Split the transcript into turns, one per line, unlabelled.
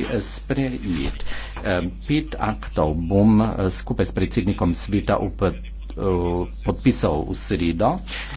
biti sprejet. Pet aktov bom eh, skupaj s predsednikom sveta upet eh, podpisal v sredo.